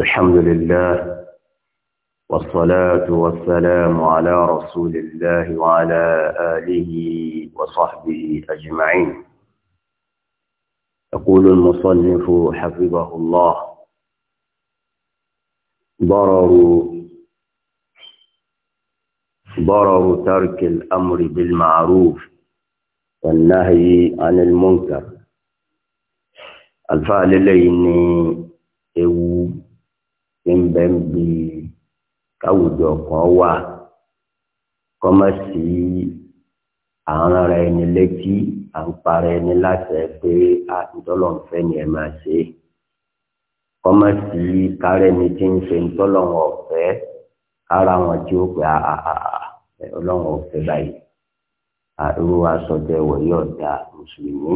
الحمد لله والصلاة والسلام على رسول الله وعلى آله وصحبه أجمعين يقول المصنف حفظه الله ضرر ضرر ترك الأمر بالمعروف والنهي عن المنكر الفعل الليني ewu إيه tí ń bi káwùjọ kan wà kọ́mọ̀sí à ń rán ẹni létí à ń para ẹni láṣẹ pé a ìtọ́lọ́nfẹ́ ni ẹ máa ṣe kọ́mọ̀sí kárẹ́ni tí ń ṣe ìtọ́lọ́wọ̀n ọ̀fẹ́ kára wọn tí ó pè á ọlọ́wọ̀n ọ̀fẹ́ báyìí irú asọ̀tẹ̀ wọ̀nyí ọ̀dà mùsùlùmí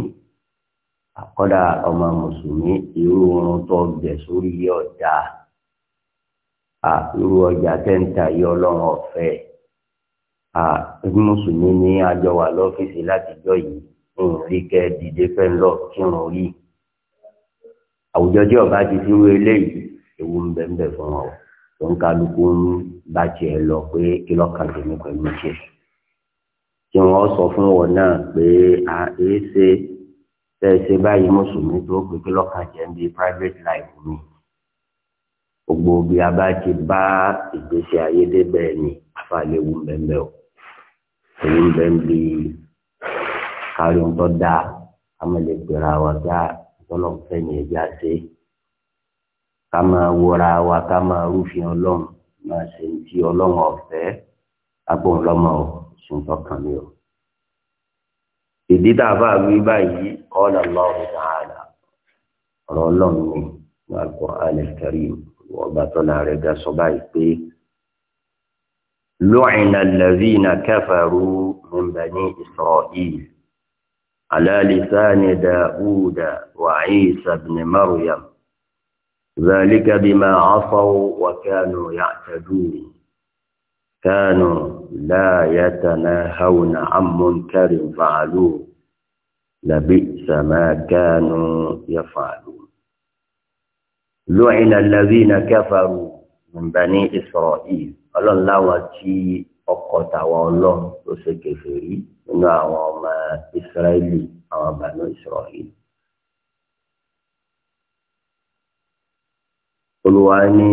àkọ́dà ọmọ mùsùlùmí irú oorun tó bẹ̀ sórí ọ̀dà à irú ọjà tẹ́ǹtà yìí ọlọ́run ọ̀fẹ́ à ẹbí mùsùlùmí ní àjọ wà lọ́fíìsì látijọ́ yìí ń rí kẹ́ dìde fẹ́ lọ kírun rí àwùjọ tí ọba ti fi wé eléyìí ewu ń bẹ ń bẹ fún ọ tó ń kálukú ń bá tiẹ̀ lọ pé kí lọ́kàn tèmi pẹ̀lú tiẹ̀ tí wọ́n sọ fún wọn náà pé à èé ṣe ṣe báyìí mùsùlùmí tó pé kí lọ́kàn jẹ́ ń bí private life mi gbogbo bí a bá ti bá ìgbésí ayé débẹ̀ ni afáàléwu mbẹ́mbẹ́ o èyí ń bẹ́ ń bi kárí ń tọ́ da amẹ́lẹ́ gbéra wa gá ìtọ́nà fẹ́ ni ẹja ṣe ká máa wọra wa ká máa rúfin ọlọ́run máa ṣe ń ti ọlọ́run ọ̀fẹ́ agbóhùn lọ́mọ ò sùn tọkàn o. ìdí tá a bá wí báyìí qala Allahu ta'ala ọ̀rọ̀ ọlọ́run ní Al-Qur'an Al-Karim. وبطن رجا صباي بي لعن الذين كفروا من بني إسرائيل على لسان داود وعيسى بن مريم ذلك بما عصوا وكانوا يعتدون كانوا لا يتناهون عن منكر فعلوه لبئس ما كانوا يفعلون lu'ina allazina kafaru min bani Isra'il ọlọ́run láwọn tí ọkọ̀ tàwọn ọlọ́run ló ṣe kèfèrí nínú àwọn ọmọ Israẹli àwọn bani Isra'il. olùwà ní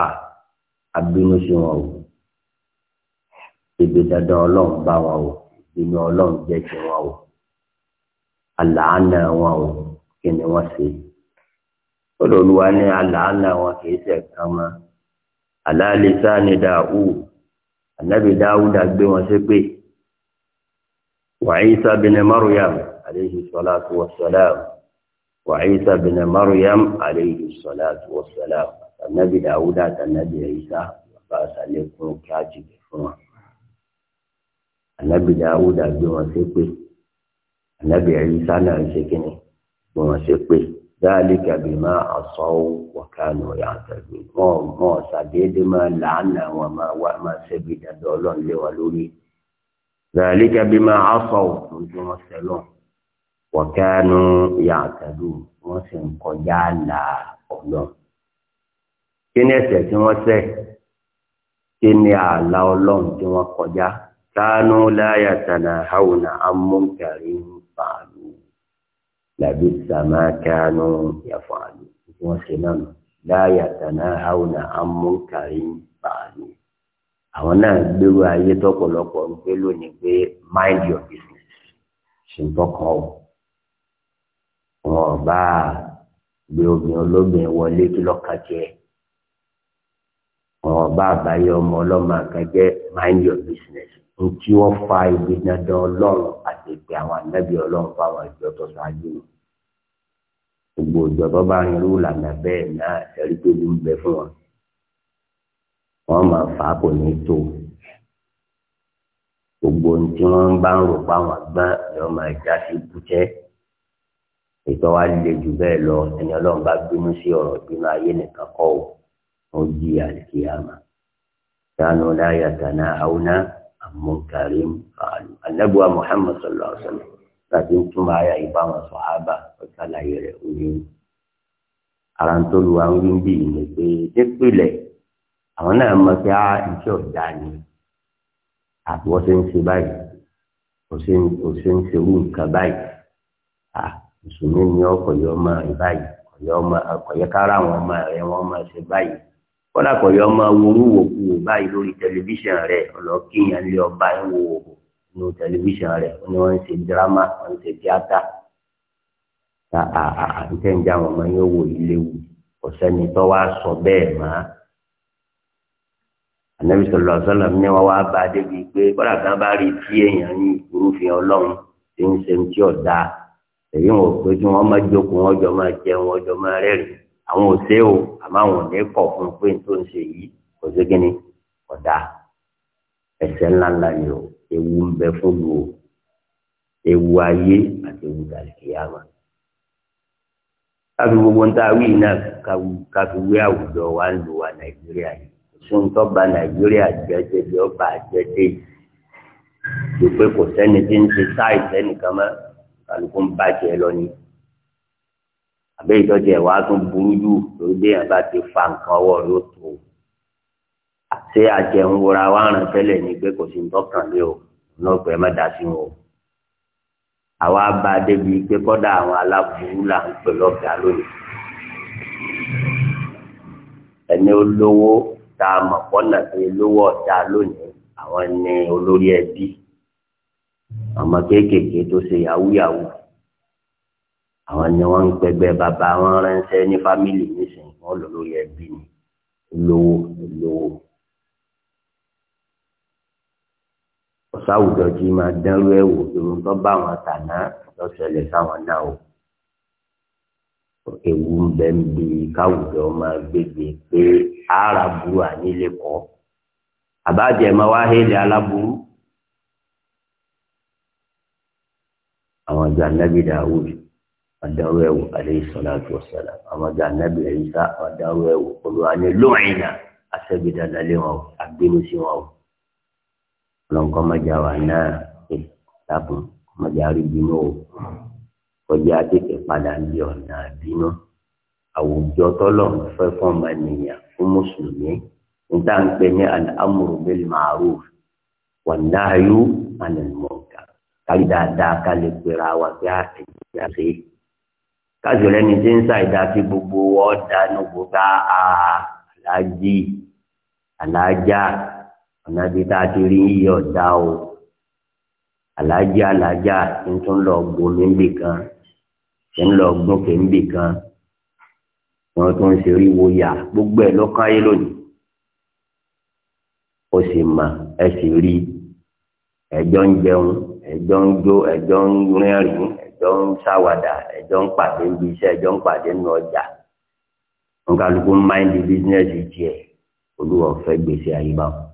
a abínú sí wọn o ibi dandan ọlọ́run bá wọn o ìbínú ọlọ́run jẹ́ tiwọn o àlàánà wọn o kí ni wọ́n ṣe kọ́dọ̀ olúwa ní àlàálà wọn kì í ṣe kan mọ́ àlàálì sáni Dawud ànábì Dawud gbé wọn ṣépè wa Isa bin Maryam alayhi salatu wassalam wa Isa bin Maryam alayhi salatu wassalam ànábì Dawud àtànábì Isa bàbá àṣàlẹ́kùn kí á jìbẹ̀ fún wọn ànábì Dawud gbé wọn ṣépè ànábì Isa náà ṣe kíni gbé wọn ṣépè. ذلك بما عصوا وكانوا يعتدون wọn wọn ṣàdédé máa làánà wọn máa wá máa ṣẹbi dandan Ọlọ́run lé wa lórí ذلك بما عصوا lójú wọn sẹlọ وكانوا يعتدون wọn sì ń kọjá là ọlọ kí ni ẹ̀ṣẹ̀ tí wọn ṣẹ̀ kí ni ààlà Ọlọ́run tí wọn kọjá كانوا لا يتناهون عن منكر فعلوه làbí sàmákánú yàfọ̀ àlù wọ́n ṣe náà nù láyà tàná àwọn amúkàrí bàálù àwọn náà gbérú ayé tọ́pọ̀lọpọ̀ ń gbé lónìí pé mind your business ṣe ń tọkàn ọ wọn ọba gbé obìnrin olóbìnrin wọlé kí lọ́kàn jẹ wọn ọba àbáyọ ọmọ ọlọ́mọ àkàjẹ mind your business ń tí wọ́n fa ibi dandan ọlọ́run àti àti àwọn ànábì ọlọ́run fáwọn ìjọ tó ṣáájú lọ. gbogbo ìjọ tó bá rin irú ìlànà bẹ́ẹ̀ náà ẹ̀rí tó ló ń bẹ fún wọn. wọ́n máa fà á kò ní tó. gbogbo ohun tí wọ́n bá ń rò páwọn gbọ́n lọ́ máa já sí bútẹ́. ètò wa le jù bẹ́ẹ̀ lọ ẹni ọlọ́run bá bínú sí ọ̀rọ̀ ìbínú ayé nìkan kọ́ ò wọ́n jí àlìkíyàmà. sanu láyàtà náà àwọn náà munkarim fa'alu anabuwa muhammad sallallahu alaihi wa sallam láti ń túmọ̀ ayé ìbáwọn sọ̀hábà ọ̀sálàyé rẹ̀ òní. ara ń tólu wa ń wí bí ìyẹn pé dépìlẹ̀ àwọn náà mọ̀ pé á iṣẹ́ ọ̀dà ni àbúwọ́ ṣe ń ṣe báyìí kò ṣe ń ṣe wú nǹkan báyìí à mùsùlùmí ni ọkọ̀ yọ ọmọ rẹ̀ báyìí ọkọ̀ yẹ kára àwọn ọmọ rẹ̀ wọ́n máa ṣe báyìí kọ́dà kọ̀ yọ máa worú wòkú wò báyìí lórí tẹlifíṣàn rẹ̀ ọlọ́kìyàn lé ọba ń wo wòkú nínú tẹlifíṣàn rẹ̀ ó ní wọ́n ń ṣe dírámà wọ́n ń ṣe tíátà àtẹ̀jẹ́ àwọn ọmọ yóò wò ilé ọ̀sẹ́ni tó wá sọ bẹ́ẹ̀ mọ́ anabi sọlọ sọlọ ní wọn wá bá a débi pé kọ́dà kan bá rí tí èèyàn ní irúfin ọlọ́run tí ń ṣe ń tí ọ̀dà èyí wọn ò pé kí wọ́n má jókòó wọn jọ máa jẹun wọn jọ máa rẹ́rìn àwọn ò ṣe o àmọ́ àwọn ò ní kọ̀ fún pé n tó ń ṣe yìí kò sí kínní ọ̀dà ẹ̀ṣẹ̀ ńláńlá ni o ewu ń bẹ fún lu o ewu ayé àti ewu dàlìkìyàmà káfí gbogbo ń wí náà káfí wí àwùjọ wa ń lu wa nàìjíríà yìí sun ba nàìjíríà jẹ́ débi ọba àjẹdé yìí pé kò sẹ́ni tí ń ṣe sáì sẹ́nìkan mọ́ kálukú ń bàjẹ́ lọ àbẹ́ ìtọ́jú ẹ̀ wá tún burú jù lórí bí èèyàn bá ti fa nǹkan ọwọ́ rẹ̀ ó tó o ṣé àjẹun wọra wá ràn tẹ́lẹ̀ ní pé kò sí ń tọ́kàn lé o náà pẹ́ má dá sí wọn o àwa bá a débi pé kọ́dà àwọn aláburú là ń pè lọ́gàá lónìí ẹni olówó tá a mọ̀ pọ́nà pé lówó ọ̀tá lónìí àwọn ni olórí ẹbí ọmọ kéékèèké tó ṣe yahoo àwọn ni wọ́n ń pẹgbẹ bàbá wọn ránṣẹ́ ní fámìlì nísìnyí wọ́n lò lórí ẹbí ni lówó lówó. ọ̀sáwùjọ tí máa dánrú ẹ̀ wò lóhun tó bá wọn tàná lọ́sẹ̀lẹ̀ sáwọn náà o. ewu ń bẹ ń káwùjọ máa gbégbé pé ara burú ànílé kọ́ àbájẹ máa wá hélè aláburú. àwọn ìjọ anábìdá wúlò adarú ẹwò aleyhi salatu wa salam amadu anabi ayisa adarú ẹwò olùwàní lóyìnà asẹgbẹdà lálẹ wọn agbẹnusí wọn lọkọ mọjà wà náà ẹ dàbọ mọjà rí bínú o kọjá tètè padà ń di ọ̀nà bínú àwùjọ tọ́lọ̀ ń fẹ́ fún ọmọ ènìyàn fún mùsùlùmí níta ń pè ní al-amru bil ma'ruf wan-nahyu dáadáa ká lè pera wa bí kájọ lẹ́ni tí ń ṣàìdá sí gbogbo ọ̀dà nùgbòkà aláàjì aláàjà ọ̀nà bíi tá a ti rí yí ọ̀dà o aláàjì aláàjà ń tún lọ gbomi ń bì kan ń lọ gbókè ń bì kan wọn tún ń ṣeré wo yà gbogbo ẹ lọ́kàn ayé lónìí ó sì mà ẹ sì rí ẹjọ́ ń jẹun ẹjọ́ ń jó ẹjọ́ ń rẹ́rìn ẹjọ́ ń ṣàwàdà ẹjọ́ ń pàdé ń bi iṣẹ́ ẹjọ́ ń pàdé ń ọjà wọn kálukú ń máìndì bísínẹ́sì tiẹ̀ olúwa ọ̀fẹ́ gbèsè ayé báwọn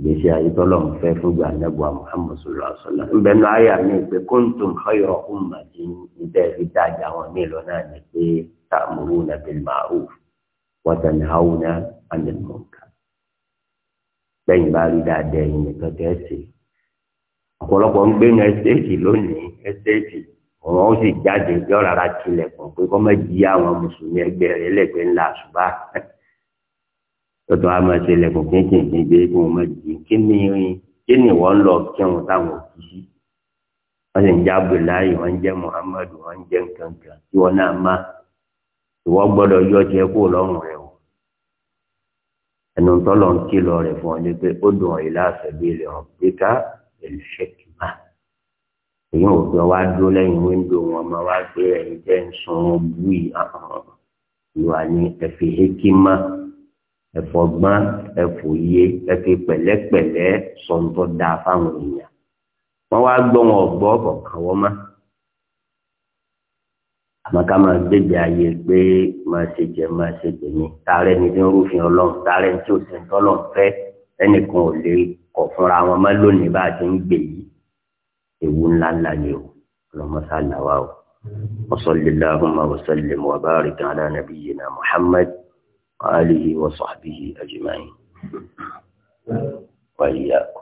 gbèsè ayé tọ́lọ̀ ń fẹ́ fúgbà nẹ́bù Muhammad sallallahu alaihi wasallam ńbẹ náà ayà mi pé kuntum khayra ummatin níbẹ̀ fi dájà wọn mí lọ náà ní pé ta'muruna bil ma'ruf wa tanhawna 'anil munkar lẹ́yìn bá rí dáadáa ẹ̀yìn nìkan tẹ́ ẹ̀ sèé ọ̀pọ̀lọpọ̀ ń gbé ní ẹ́stéètì lónìí ẹ́stéètì ọ̀rọ̀ ó sì jáde yọ rárá tilẹ̀kùn pé kọ́ mọ̀ jí àwọn mùsùlùmí ẹgbẹ́ rẹ̀ lẹ́gbẹ́ ńlá àṣùbà tọ́tọ́ a máa ṣe lẹ́kùn kínkìn gbígbé kí wọ́n mọ̀ jí kí ni kí ni wọ́n lọ kí wọn táwọn òkú sí wọ́n sì ń jẹ́ Abdullahi wọ́n ń jẹ́ Muhammadu wọ́n ń jẹ́ nkankan tí wọ́n náà má ìwọ́ gbọ́dọ̀ yọ tiẹ̀ kó lọ́rùn rẹ̀ o ẹnu tọ́lọ̀ ń kí lọ rẹ̀ fún ọ ní pé ó dùn ọ̀ pẹ̀lú ṣẹ́kìmá èyàn ò gbọ́ wá dúró lẹ́yìn wíńdò wọn máa wá gbé ẹni tẹ́ ń sun búì ìwà ni ẹ̀fì hekima ẹ̀fọ̀gbọ́n ẹ̀fòye ẹ̀fì pẹ̀lẹ́pẹ̀lẹ́ sọ̀ńtọ́ dáa fáwọn èèyàn wọ́n wá gbọ́ wọn ọ̀gbọ́ kọ̀ọ̀kan wọ́n má àmọ́ ká máa gbégbé ayé pé máa ṣe jẹ máa ṣe jẹ ní tààrẹ ni tí ń rúfin ọlọ́run tààrẹ tí ò sí ń fẹ́ ẹnìkan ò lè kọ̀ fúnra wọn má lónìí bá a ti ń gbè yìí ewu ńlá ńlá ni o ọlọmọsá làwa o wasalilahuma wasalim wa barika ala nabiyina muhammad wa alihi wa sahbihi ajma'in wa